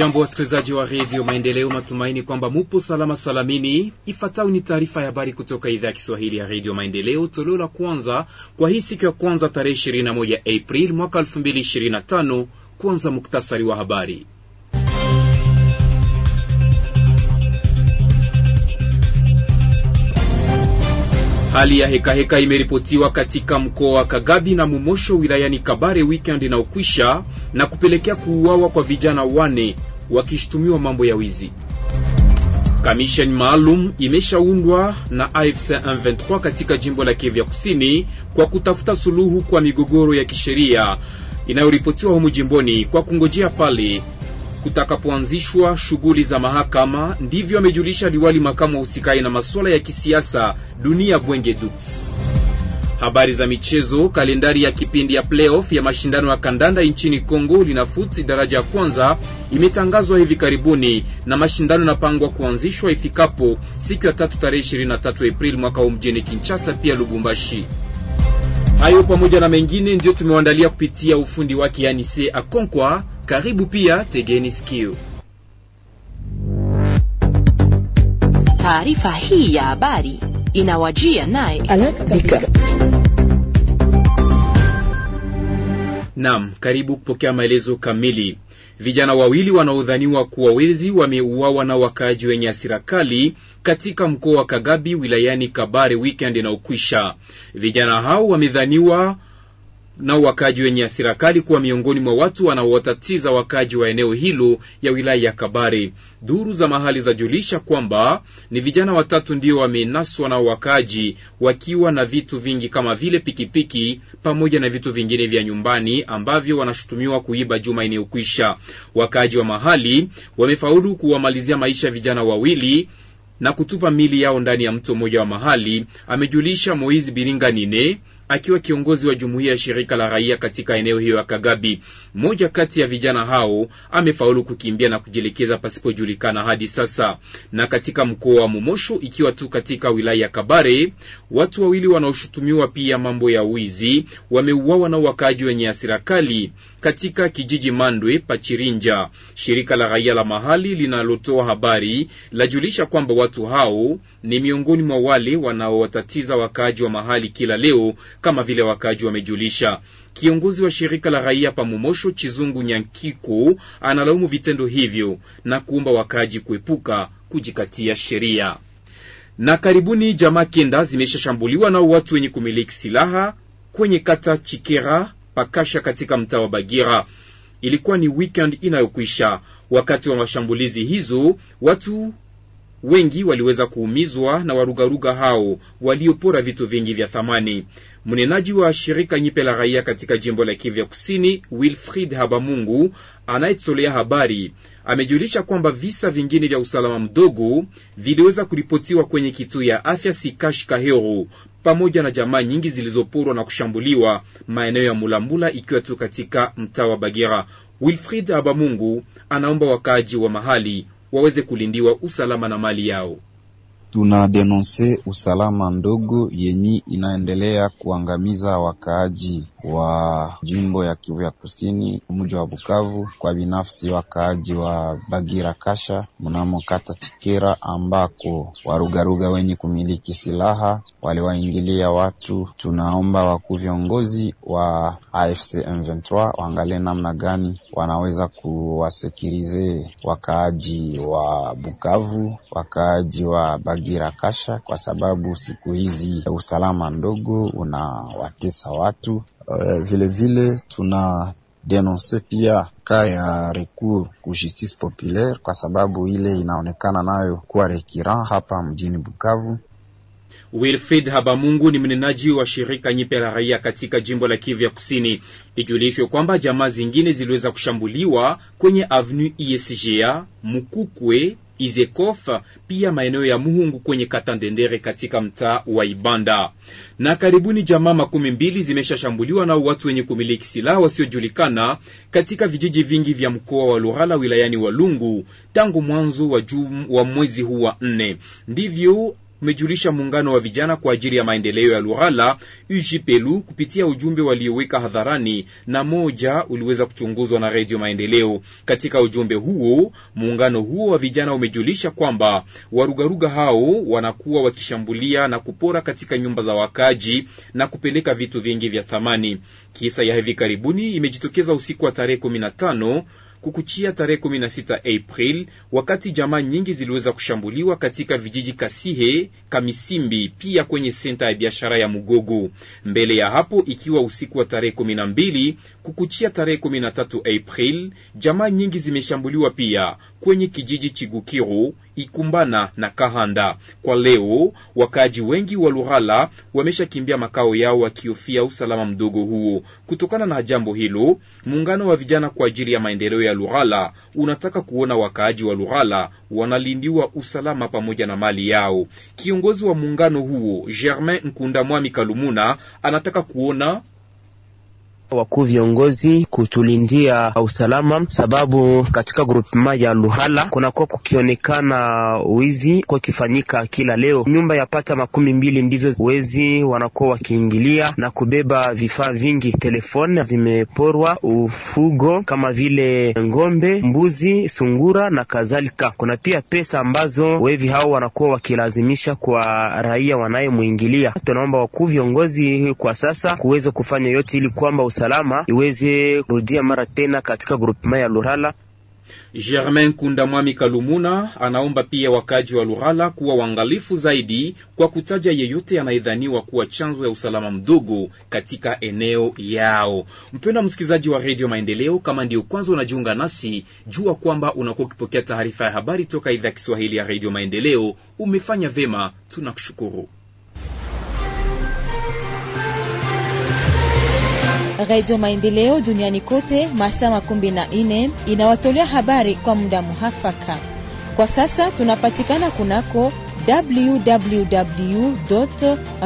wa wasikilizaji wa redio Maendeleo, matumaini kwamba mupo salama salamini. Ifuatayo ni taarifa ya habari kutoka idhaa ya Kiswahili ya redio Maendeleo, toleo la kwanza kwa hii siku ya kwanza tarehe 21 Aprili mwaka 2025. Kwanza muktasari wa habari. Hali ya hekaheka imeripotiwa katika mkoa wa Kagabi na Mumosho wilayani Kabare weekend ukwisha na kupelekea kuuawa kwa vijana wane wakishutumiwa mambo ya wizi. Kamishen maalum imeshaundwa na AFC M23 katika jimbo la Kivu Kusini kwa kutafuta suluhu kwa migogoro ya kisheria inayoripotiwa humu jimboni kwa kungojea pale kutakapoanzishwa shughuli za mahakama. Ndivyo amejulisha liwali makamu wa usikai na masuala ya kisiasa Dunia Bwenge Dux. Habari za michezo. Kalendari ya kipindi ya playoff ya mashindano ya kandanda nchini Kongo linafuti daraja ya kwanza imetangazwa hivi karibuni, na mashindano yanapangwa kuanzishwa ifikapo siku ya tatu tarehe 23 Aprili mwaka huu mjini Kinshasa, pia Lubumbashi. Hayo pamoja na mengine ndiyo tumewaandalia kupitia ufundi wake, yani se Akonkwa karibu pia, tegeni sikio. Taarifa hii ya habari inawajia naye Naam, karibu kupokea maelezo kamili. Vijana wawili wanaodhaniwa kuwa wezi wameuawa na wakaaji wenye hasira kali katika mkoa wa Kagabi wilayani Kabare weekend inaokwisha. Vijana hao wamedhaniwa nao wakaaji wenye hasira kali kuwa miongoni mwa watu wanaowatatiza wakaaji wa eneo hilo ya wilaya ya Kabare. Duru za mahali zajulisha kwamba ni vijana watatu ndio wamenaswa nao wakaaji, wakiwa na vitu vingi kama vile pikipiki pamoja na vitu vingine vya nyumbani ambavyo wanashutumiwa kuiba juma inayokwisha. Wakaaji wa mahali wamefaulu kuwamalizia maisha vijana wawili na kutupa mili yao ndani ya mto mmoja wa mahali, amejulisha Moizi Biringa Nine akiwa kiongozi wa jumuiya ya shirika la raia katika eneo hiyo ya Kagabi. Mmoja kati ya vijana hao amefaulu kukimbia na kujielekeza pasipojulikana hadi sasa. Na katika mkoa wa Mumosho, ikiwa tu katika wilaya ya Kabare, watu wawili wanaoshutumiwa pia mambo ya wizi wameuawa na wakaaji wenye hasira kali katika kijiji Mandwe Pachirinja. Shirika la raia la mahali linalotoa habari lajulisha kwamba watu hao ni miongoni mwa wale wanaowatatiza wakaaji wa mahali kila leo kama vile wakaaji wamejulisha. Kiongozi wa shirika la raia Pamomosho Chizungu Nyankiko analaumu vitendo hivyo na kuomba wakaaji kuepuka kujikatia sheria. Na karibuni jamaa kenda zimeshashambuliwa nao watu wenye kumiliki silaha kwenye kata Chikera Pakasha katika mtaa wa Bagira. Ilikuwa ni weekend inayokwisha. Wakati wa mashambulizi hizo watu wengi waliweza kuumizwa na warugaruga hao waliopora vitu vingi vya thamani. Mnenaji wa shirika nyipe la raia katika jimbo la Kivu ya Kusini, Wilfried Habamungu, anayetolea habari amejulisha kwamba visa vingine vya usalama mdogo viliweza kuripotiwa kwenye kituo ya afya Sikash Kahero pamoja na jamaa nyingi zilizoporwa na kushambuliwa maeneo ya Mulambula ikiwa tu katika mtaa wa Bagera. Wilfried Habamungu anaomba wakaaji wa mahali waweze kulindiwa usalama na mali yao tunadenonse usalama ndogo yenye inaendelea kuangamiza wakaaji wa jimbo ya Kivu ya Kusini, mji wa Bukavu, kwa binafsi wakaaji wa Bagira Kasha mnamo kata Chikera, ambako warugaruga wenye kumiliki silaha waliwaingilia watu. Tunaomba wakuu viongozi wa AFC M23 waangalie namna gani wanaweza kuwasekirize wakaaji wa Bukavu, wakaaji wa Bagira kasha, kwa sababu siku hizi usalama ndogo unawatesa watu vilevile. Eh, vile tuna denonse pia ka ya recours ku justice populaire, kwa sababu ile inaonekana nayo kuwa rekiran hapa mjini Bukavu. Wilfried Habamungu ni mnenaji wa shirika Nyipe la Raia katika jimbo la Kivu ya Kusini. Ijulishwe kwamba jamaa zingine ziliweza kushambuliwa kwenye avenue ISGA Mukukwe Izekof, pia maeneo ya Muhungu kwenye kata Ndendere katika mtaa wa Ibanda. Na karibuni jamaa makumi mbili zimeshashambuliwa nao watu wenye kumiliki silaha wasiojulikana katika vijiji vingi vya mkoa wa lurala wilayani Walungu tangu mwanzo wa, wa mwezi huu wa nne, ndivyo umejulisha muungano wa vijana kwa ajili ya maendeleo ya Lughala UJPLU kupitia ujumbe walioweka hadharani na moja uliweza kuchunguzwa na Redio Maendeleo. Katika ujumbe huo, muungano huo wa vijana umejulisha kwamba warugaruga hao wanakuwa wakishambulia na kupora katika nyumba za wakaji na kupeleka vitu vingi vya thamani. Kisa ya hivi karibuni imejitokeza usiku wa tarehe 15 kukuchia tarehe 16 April, wakati jamaa nyingi ziliweza kushambuliwa katika vijiji Kasihe, Kamisimbi, pia kwenye senta ya biashara ya Mugogo. Mbele ya hapo, ikiwa usiku wa tarehe 12 kukuchia tarehe 13 April, jamaa nyingi zimeshambuliwa pia kwenye kijiji Chigukiru ikumbana na Kahanda. Kwa leo, wakaaji wengi wa Lughala wameshakimbia makao yao wakihofia usalama mdogo huo. Kutokana na jambo hilo, muungano wa vijana kwa ajili ya maendeleo ya Lughala unataka kuona wakaaji wa Lughala wanalindiwa usalama pamoja na mali yao. Kiongozi wa muungano huo Germain Nkundamwami Kalumuna anataka kuona wakuu viongozi kutulindia usalama, sababu katika grupema ya Luhala kunakuwa kukionekana wizi kwa kifanyika kila leo. Nyumba ya pata makumi mbili ndizo wezi wanakuwa wakiingilia na kubeba vifaa vingi. Telefone zimeporwa, ufugo kama vile ng'ombe, mbuzi, sungura na kadhalika. Kuna pia pesa ambazo wevi hao wanakuwa wakilazimisha kwa raia wanayemwingilia. Tunaomba wakuu viongozi kwa sasa kuweza kufanya yote ili kwamba usalama iweze kurudia mara tena katika grupema ya Lurala. Germain Kundamwami Kalumuna anaomba pia wakaji wa lurala kuwa waangalifu zaidi kwa kutaja yeyote anayedhaniwa kuwa chanzo ya usalama mdogo katika eneo yao. Mpenda msikilizaji wa Redio Maendeleo, kama ndio kwanza unajiunga nasi, jua kwamba unakuwa ukipokea taarifa ya habari toka idhaa ya Kiswahili ya Redio Maendeleo. Umefanya vema, tunakushukuru. Radio Maendeleo duniani kote masaa makumi na inawatolea habari kwa muda muhafaka. Kwa sasa tunapatikana kunako www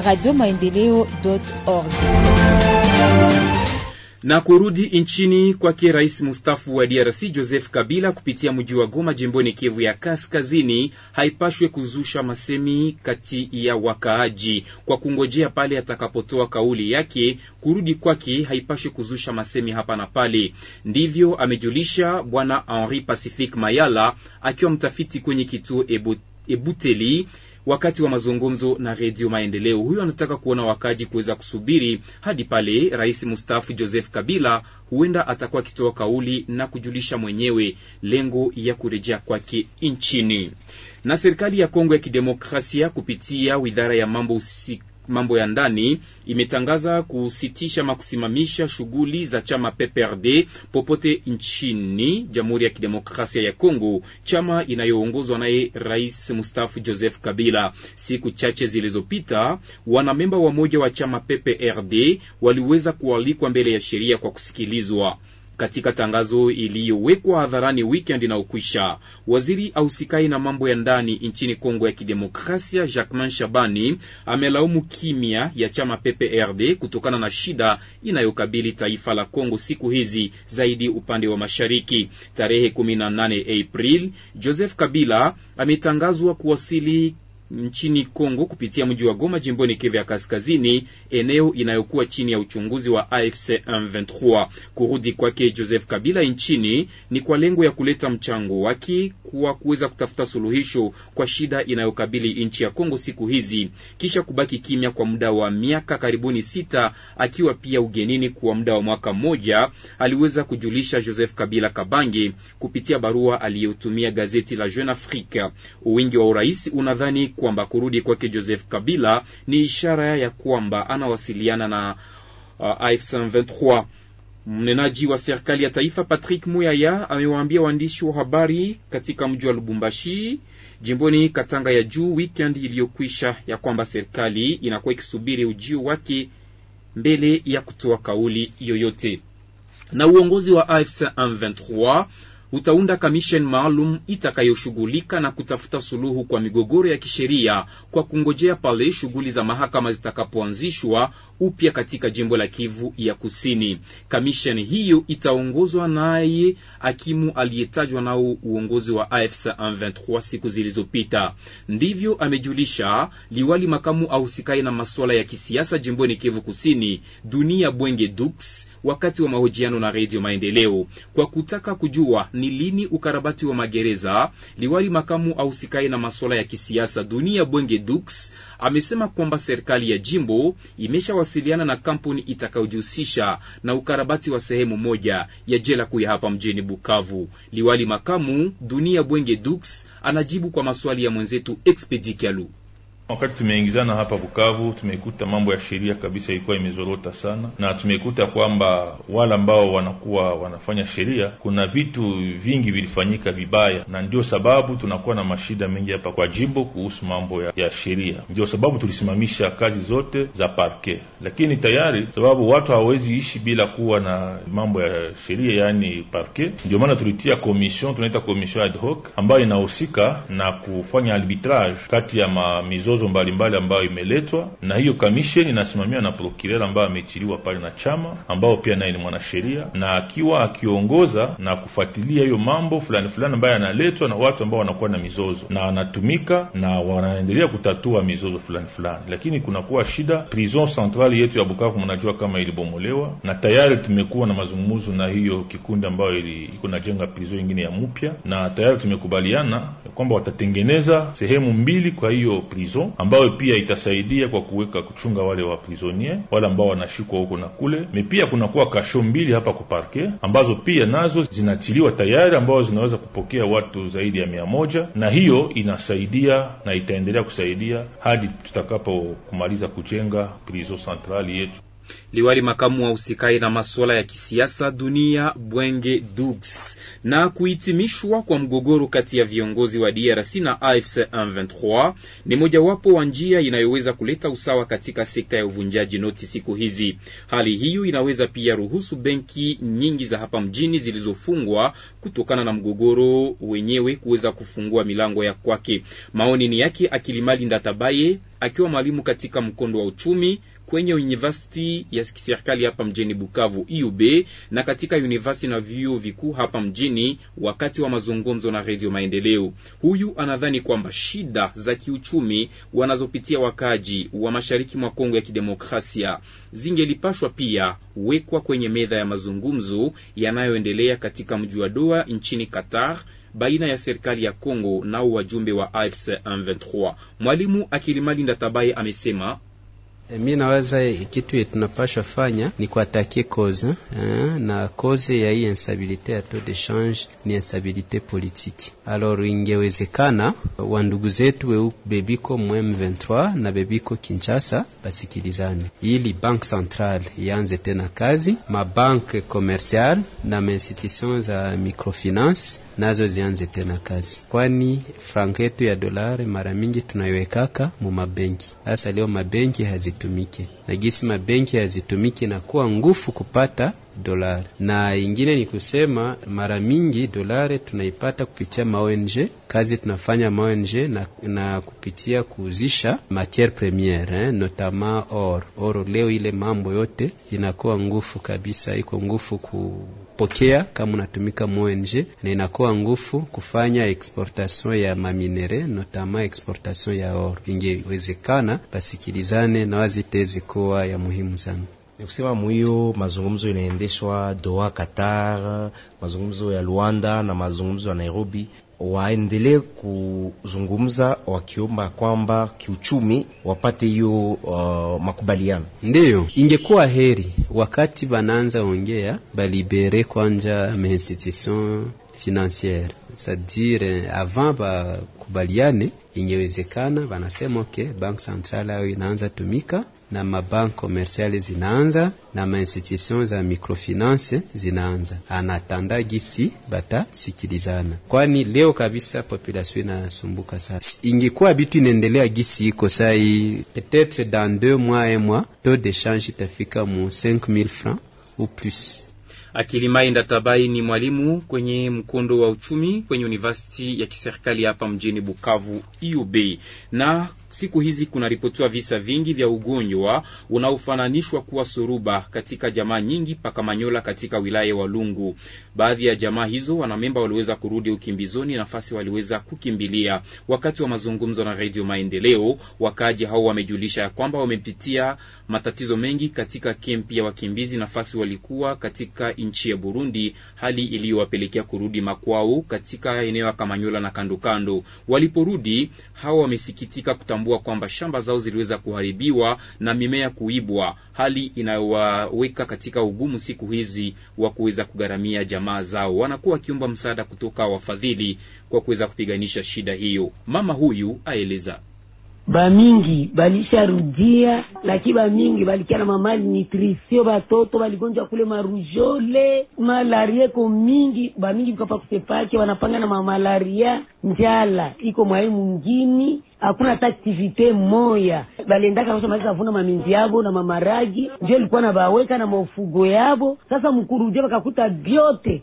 radio maendeleo org na kurudi nchini kwake rais mustafu wa DRC Joseph Kabila kupitia mji wa Goma jimboni Kivu ya Kaskazini haipashwe kuzusha masemi kati ya wakaaji, kwa kungojea pale atakapotoa kauli yake. Kurudi kwake haipashwe kuzusha masemi hapa na pale, ndivyo amejulisha Bwana Henri Pacifique Mayala akiwa mtafiti kwenye kituo Ebuteli wakati wa mazungumzo na Redio Maendeleo. Huyo anataka kuona wakaji kuweza kusubiri hadi pale rais mustafu Joseph Kabila huenda atakuwa akitoa kauli na kujulisha mwenyewe lengo ya kurejea kwake nchini. Na serikali ya Kongo ya Kidemokrasia kupitia widhara ya mambo usika mambo ya ndani imetangaza kusitisha ama kusimamisha shughuli za chama PPRD popote nchini Jamhuri ya Kidemokrasia ya Kongo, chama inayoongozwa naye Rais Mustafa Joseph Kabila. Siku chache zilizopita, wanamemba wamoja wa chama PPRD waliweza kualikwa mbele ya sheria kwa kusikilizwa. Katika tangazo iliyowekwa hadharani weekend ukwisha waziri ausikai na mambo ya ndani nchini Kongo ya Kidemokrasia, Jacquemain Shabani amelaumu kimya ya chama PPRD kutokana na shida inayokabili taifa la Kongo siku hizi, zaidi upande wa mashariki. Tarehe 18 April, Joseph Kabila ametangazwa kuwasili nchini Kongo kupitia mji wa Goma jimboni Kivu ya Kaskazini, eneo inayokuwa chini ya uchunguzi wa AFC M23. Kurudi kwake Joseph Kabila nchini ni kwa lengo ya kuleta mchango wake kwa kuweza kutafuta suluhisho kwa shida inayokabili nchi ya Kongo siku hizi, kisha kubaki kimya kwa muda wa miaka karibuni sita, akiwa pia ugenini kwa muda wa mwaka mmoja, aliweza kujulisha Joseph Kabila Kabange kupitia barua aliyotumia gazeti la Jeune Afrique. Wingi wa urais unadhani kwamba kurudi kwake Joseph Kabila ni ishara ya kwamba anawasiliana na uh, AF23. Mnenaji wa serikali ya taifa Patrick Muyaya amewaambia waandishi wa habari katika mji wa Lubumbashi jimboni Katanga ya juu weekend iliyokwisha ya kwamba serikali inakuwa ikisubiri ujio wake mbele ya kutoa kauli yoyote. Na uongozi wa AFC M23 utaunda kamishen maalum itakayoshughulika na kutafuta suluhu kwa migogoro ya kisheria kwa kungojea pale shughuli za mahakama zitakapoanzishwa upya katika jimbo la Kivu ya Kusini. Kamishen hiyo itaongozwa naye akimu aliyetajwa nao uongozi wa AFC 23 siku zilizopita. Ndivyo amejulisha liwali makamu ahusikaye na masuala ya kisiasa jimboni Kivu Kusini, Dunia Bwenge Dux wakati wa mahojiano na Redio Maendeleo kwa kutaka kujua ni lini ukarabati wa magereza. Liwali makamu ausikaye na masuala ya kisiasa Dunia Bwenge Dux amesema kwamba serikali ya jimbo imeshawasiliana na kampuni itakayojihusisha na ukarabati wa sehemu moja ya jela kuu ya hapa mjini Bukavu. Liwali makamu Dunia Bwenge Dux anajibu kwa maswali ya mwenzetu Expedi Kyalu. Wakati tumeingizana hapa Bukavu, tumekuta mambo ya sheria kabisa ilikuwa imezorota sana, na tumekuta kwamba wale ambao wanakuwa wanafanya sheria, kuna vitu vingi vilifanyika vibaya, na ndio sababu tunakuwa na mashida mengi hapa kwa jimbo kuhusu mambo ya, ya sheria. Ndio sababu tulisimamisha kazi zote za parke, lakini tayari sababu watu hawawezi ishi bila kuwa na mambo ya sheria, yaani parke. Ndio maana tulitia commission, tunaita commission ad hoc ambayo inahusika na kufanya arbitrage kati ya mamizo mizozo mbalimbali ambayo imeletwa, na hiyo kamisheni inasimamiwa na prokirera ambayo ameachiliwa pale na chama, ambao pia naye ni mwanasheria na akiwa akiongoza na kufuatilia hiyo mambo fulani fulani ambayo yanaletwa na watu ambao wanakuwa na mizozo, na anatumika na wanaendelea kutatua mizozo fulani fulani, lakini kunakuwa shida. Prison centrale yetu ya Bukavu mnajua kama ilibomolewa, na tayari tumekuwa na mazungumzo na hiyo kikundi ambayo iko najenga prison ingine ya mupya, na tayari tumekubaliana kwamba watatengeneza sehemu mbili kwa hiyo prison ambayo pia itasaidia kwa kuweka kuchunga wale wa prisonier wale ambao wanashikwa huko na kule. Me pia kunakuwa kasho mbili hapa kuparke ambazo pia nazo zinatiliwa tayari, ambao zinaweza kupokea watu zaidi ya mia moja, na hiyo inasaidia na itaendelea kusaidia hadi tutakapo kumaliza kujenga prison centrali yetu liwali makamu wa usikai na masuala ya kisiasa dunia Bwenge Dugs, na kuhitimishwa kwa mgogoro kati ya viongozi wa DRC na AFC M23 ni mojawapo wa njia inayoweza kuleta usawa katika sekta ya uvunjaji noti siku hizi. Hali hiyo inaweza pia ruhusu benki nyingi za hapa mjini zilizofungwa kutokana na mgogoro wenyewe kuweza kufungua milango ya kwake. Maoni ni yake Akilimali Ndatabaye akiwa mwalimu katika mkondo wa uchumi kwenye university ya ya kiserikali hapa mjini Bukavu ub na katika university na vyuo vikuu hapa mjini, wakati wa mazungumzo na Redio Maendeleo. Huyu anadhani kwamba shida za kiuchumi wanazopitia wakaji wa mashariki mwa Kongo ya Kidemokrasia zingelipashwa pia wekwa kwenye meza ya mazungumzo yanayoendelea katika mji wa Doha nchini Qatar baina ya serikali ya Kongo nao wajumbe wa AFC M23. Mwalimu Akilimali Ndatabaye amesema Eh, mi nawaza kitu tunapashwa fanya ni kuatakie koze eh, na koze ya hii instabilite ya taux de change ni instabilite politiki. Alor, ingewezekana wandugu zetu weu bebiko mu M23 na bebiko Kinshasa basikilizane, ili bank central ianze tena kazi, mabanke commercial na mainstitution za microfinance nazo zianze tena kazi, kwani frank yetu ya dolari mara mingi tunayoekaka mu mabenki. Sasa leo mabenki hazi zitumike na gisi mabenki na inakuwa ngufu kupata dolari. Na ingine ni kusema mara mingi dolari tunaipata kupitia maong kazi tunafanya maong na, na kupitia kuuzisha matiere premiere eh, notama or oro. Leo ile mambo yote inakuwa ngufu kabisa, iko ngufu ku kupokea kama unatumika MONG, na inakuwa ngufu kufanya exportation ya maminere notama exportation ya oro. Ingewezekana basikilizane na wazitezi kuwa ya muhimu sana. Ni kusema mwiyo mazungumzo inaendeshwa Doha, Qatar, mazungumzo ya Luanda na mazungumzo ya Nairobi. Waendelee kuzungumza wakiomba kwamba kiuchumi wapate hiyo uh, makubaliano. Ndiyo ingekuwa heri wakati bananza ongea balibere kwanja mainstitution financiere sadire avant bakubaliane, ingewezekana banasema okay, bank centrale ayo inaanza tumika na mabanki komersiali zinaanza na mainstitution za microfinance zinaanza, anatanda gisi batasikilizana, kwani leo kabisa population inasumbuka sana. Ingekuwa bitu inaendelea gisi iko sai, peut-etre dans deux mois et mois taux de change itafika mu 5000 francs ou plus. Akilimai Ndatabai ni mwalimu kwenye mkondo wa uchumi kwenye university ya kiserikali hapa mjini Bukavu IUB na Siku hizi kunaripotiwa visa vingi vya ugonjwa unaofananishwa kuwa suruba katika jamaa nyingi pakamanyola katika wilaya Walungu. Baadhi ya jamaa hizo wanamemba waliweza kurudi ukimbizoni, nafasi waliweza kukimbilia. Wakati wa mazungumzo na Redio Maendeleo, wakaaji hao wamejulisha ya kwamba wamepitia matatizo mengi katika kempi ya wakimbizi, nafasi walikuwa katika nchi ya Burundi, hali iliyowapelekea kurudi makwao katika eneo ya Kamanyola na kandokando. Waliporudi hao wamesikitika kuta kutambua kwamba shamba zao ziliweza kuharibiwa na mimea kuibwa, hali inayowaweka katika ugumu siku hizi wa kuweza kugharamia jamaa zao. Wanakuwa wakiomba msaada kutoka wafadhili kwa kuweza kupiganisha shida hiyo. Mama huyu aeleza bamingi balisharudia lakini bamingi balikia na mamali nitrisio batoto baligonja kule marujole iko mingi bamingi bikapa kusepake wanapanga na mamalaria njala iko mwai mungini hakuna hata aktivite moya baliendaka kusomaliza vuna maminzi yabo na mamaragi ndio ilikuwa na baweka na mafugo yabo sasa mkurudia bakakuta vyote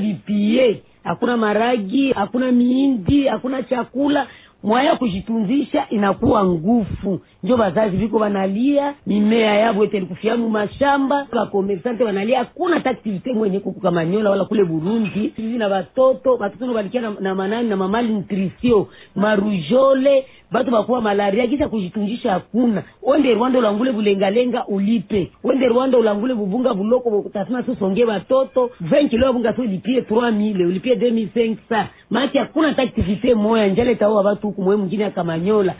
vipie hakuna maragi hakuna miindi hakuna chakula mwaya kujitunzisha inakuwa ngufu njo bazazi viko banalia mimea yavo ete likufia mu mashamba, bakomersante banalia, hakuna hata aktivite mwenye kuku Kamanyola wala kule Burundi. Hivi na batoto batoto nobalikia na, na manani na mamali nutrition marujole batu bakuwa malaria kisa kujitunjisha hakuna. Wende Rwanda ulangule bulengalenga ulipe, wende Rwanda ulangule bubunga buloko bokutasema sosonge batoto vingt kilo bunga so ulipie trois mille ulipie deux mille cinq 2500 maki hakuna ta aktivite moya njale tawa batu huku mwe mwingine ya Kamanyola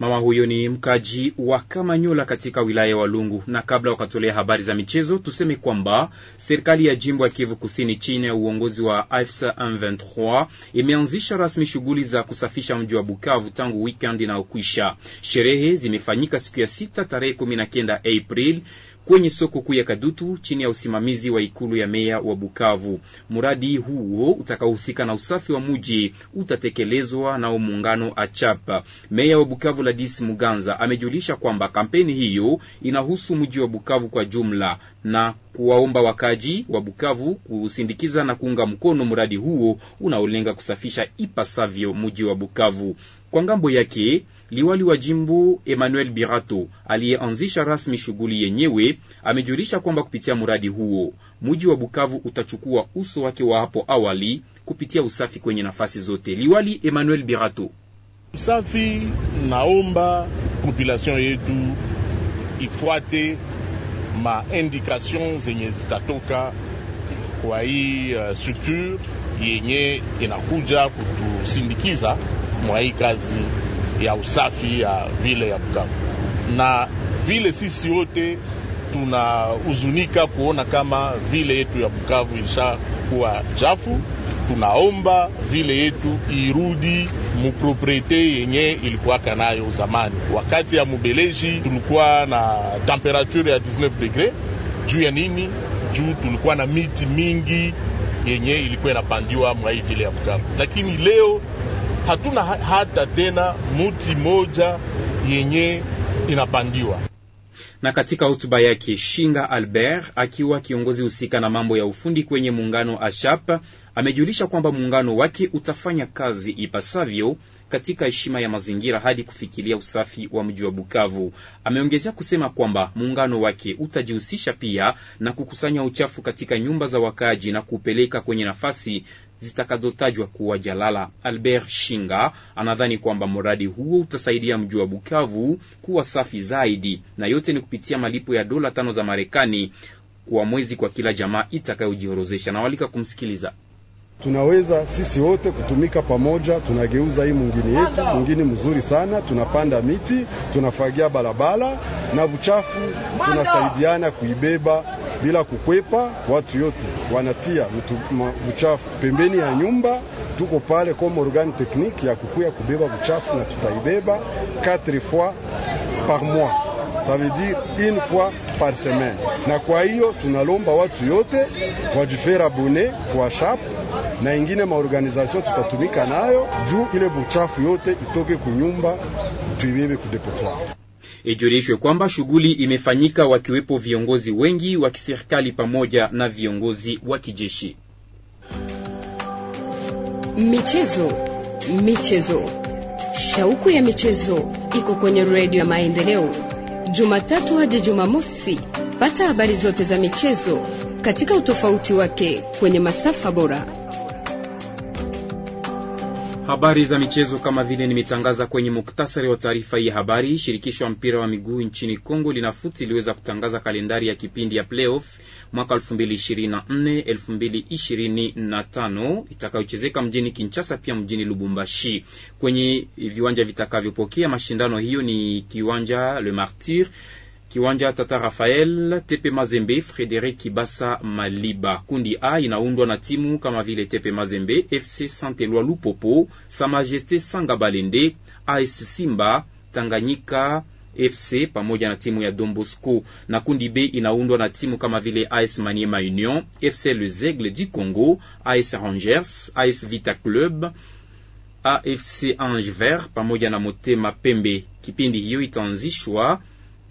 Mama huyo ni mkaji wa Kamanyola katika wilaya ya Walungu. Na kabla wakatolea habari za michezo, tuseme kwamba serikali ya jimbo ya Kivu Kusini chini ya uongozi wa AFC M23 imeanzisha rasmi shughuli za kusafisha mji wa Bukavu tangu weekend inayokwisha. Sherehe zimefanyika siku ya sita tarehe kumi na kenda Aprili kwenye soko kuu ya Kadutu chini ya usimamizi wa ikulu ya meya wa Bukavu. Mradi huo utakaohusika na usafi wa muji utatekelezwa nao muungano Achapa. Meya wa Bukavu Ladis Muganza amejulisha kwamba kampeni hiyo inahusu mji wa Bukavu kwa jumla na kuwaomba wakaji wa Bukavu kusindikiza na kuunga mkono mradi huo unaolenga kusafisha ipasavyo mji wa Bukavu. Kwa ngambo yake, liwali wa jimbo Emmanuel Birato aliyeanzisha rasmi shughuli yenyewe amejulisha kwamba kupitia mradi huo mji wa Bukavu utachukua uso wake wa hapo awali kupitia usafi kwenye nafasi zote. Liwali Emmanuel Birato: usafi, naomba population yetu ifuate maindikation zenye zitatoka kwa hii uh, strukture yenye inakuja kutusindikiza mwa hii kazi ya usafi ya vile ya Bukavu, na vile sisi wote tunahuzunika kuona kama vile yetu ya Bukavu ilishakuwa chafu. Tunaomba vile yetu irudi mupropriete yenye ilikuwaka nayo zamani, wakati ya mubeleji tulikuwa na temperature ya 19 degree. Juu ya nini? Juu tulikuwa na miti mingi yenye ilikuwa inapandiwa mwa vile ya Bukavu, lakini leo hatuna hata tena muti moja yenye inapandiwa. Na katika hotuba yake Shinga Albert, akiwa kiongozi husika na mambo ya ufundi kwenye muungano ASHAP amejulisha kwamba muungano wake utafanya kazi ipasavyo katika heshima ya mazingira hadi kufikilia usafi wa mji wa Bukavu. Ameongezea kusema kwamba muungano wake utajihusisha pia na kukusanya uchafu katika nyumba za wakaaji na kuupeleka kwenye nafasi zitakazotajwa kuwa jalala. Albert Shinga anadhani kwamba mradi huo utasaidia mji wa Bukavu kuwa safi zaidi, na yote ni kupitia malipo ya dola tano za Marekani kwa mwezi kwa kila jamaa itakayojihorozesha. Nawalika kumsikiliza tunaweza sisi wote kutumika pamoja, tunageuza hii mwingine yetu mwingine mzuri sana. Tunapanda miti, tunafagia barabara na vuchafu, tunasaidiana kuibeba bila kukwepa. Watu yote wanatia vuchafu pembeni ya nyumba, tuko pale kama organe technique ya kukuya kubeba vuchafu, na tutaibeba 4 fois par mois, ça veut dire une fois par semaine. Na kwa hiyo tunalomba watu yote wajifera bone kwa shapu na ingine maorganizasyon tutatumika nayo juu ile buchafu yote itoke kunyumba tuibebe kudepotoa. Ijulishwe kwamba shughuli imefanyika wakiwepo viongozi wengi wa kiserikali pamoja na viongozi wa kijeshi. Michezo, michezo, shauku ya michezo iko kwenye redio ya Maendeleo, Jumatatu hadi Jumamosi. Pata habari zote za michezo katika utofauti wake kwenye masafa bora. Habari za michezo. Kama vile nimetangaza kwenye muktasari wa taarifa hii habari, shirikisho la mpira wa miguu nchini Kongo linafuti iliweza kutangaza kalendari ya kipindi ya playoff mwaka 2024 2025 itakayochezeka mjini Kinshasa, pia mjini Lubumbashi. Kwenye viwanja vitakavyopokea mashindano hiyo ni kiwanja Le Martyr Kiwanja Tata Rafael, Tepe Mazembe, Frederic Kibasa Maliba. Kundi A inaundwa na timu kama vile Tepe Mazembe, FC Santelwa Lupopo, Sa Majeste Sanga Balende, AS Simba, Tanganyika FC pamoja na timu ya Dombosco, na kundi B inaundwa na timu kama vile AS Maniema Union, FC Le Zègle du Congo, AS Rangers, AS Vita Club, AFC Ange Vert pamoja na Motema Pembe. Kipindi hiyo itaanzishwa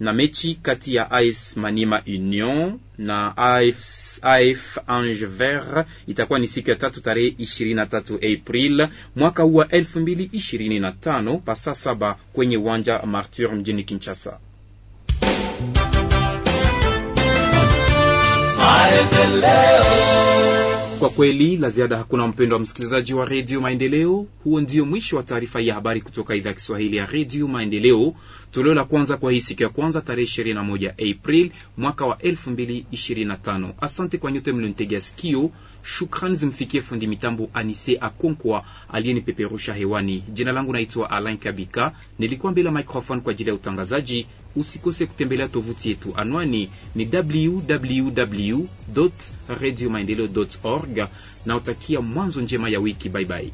na mechi kati ya AS Manima Union na AFC AF Ange Vert itakuwa ni siku ya tatu tarehe 23 April mwaka wa 2025 pasa saba kwenye uwanja Martyr mjini Kinshasa. Kwa kweli la ziada hakuna, mpendo wa msikilizaji wa redio Maendeleo. Huo ndio mwisho wa taarifa ya habari kutoka idhaa ya Kiswahili ya redio Maendeleo, toleo la kwanza kwa hii siku ya kwanza tarehe 21 April mwaka wa 2025. Asante kwa nyote mlionitegea sikio. Shukrani zimfikie fundi mitambo Anise Akonkwa aliyenipeperusha hewani. Jina langu naitwa Alain Kabika, nilikuwa mbele ya microphone kwa ajili ya utangazaji usikose kutembelea tovuti yetu. Anwani ni www radio maendeleo org, na utakia mwanzo njema ya wiki. Baibai.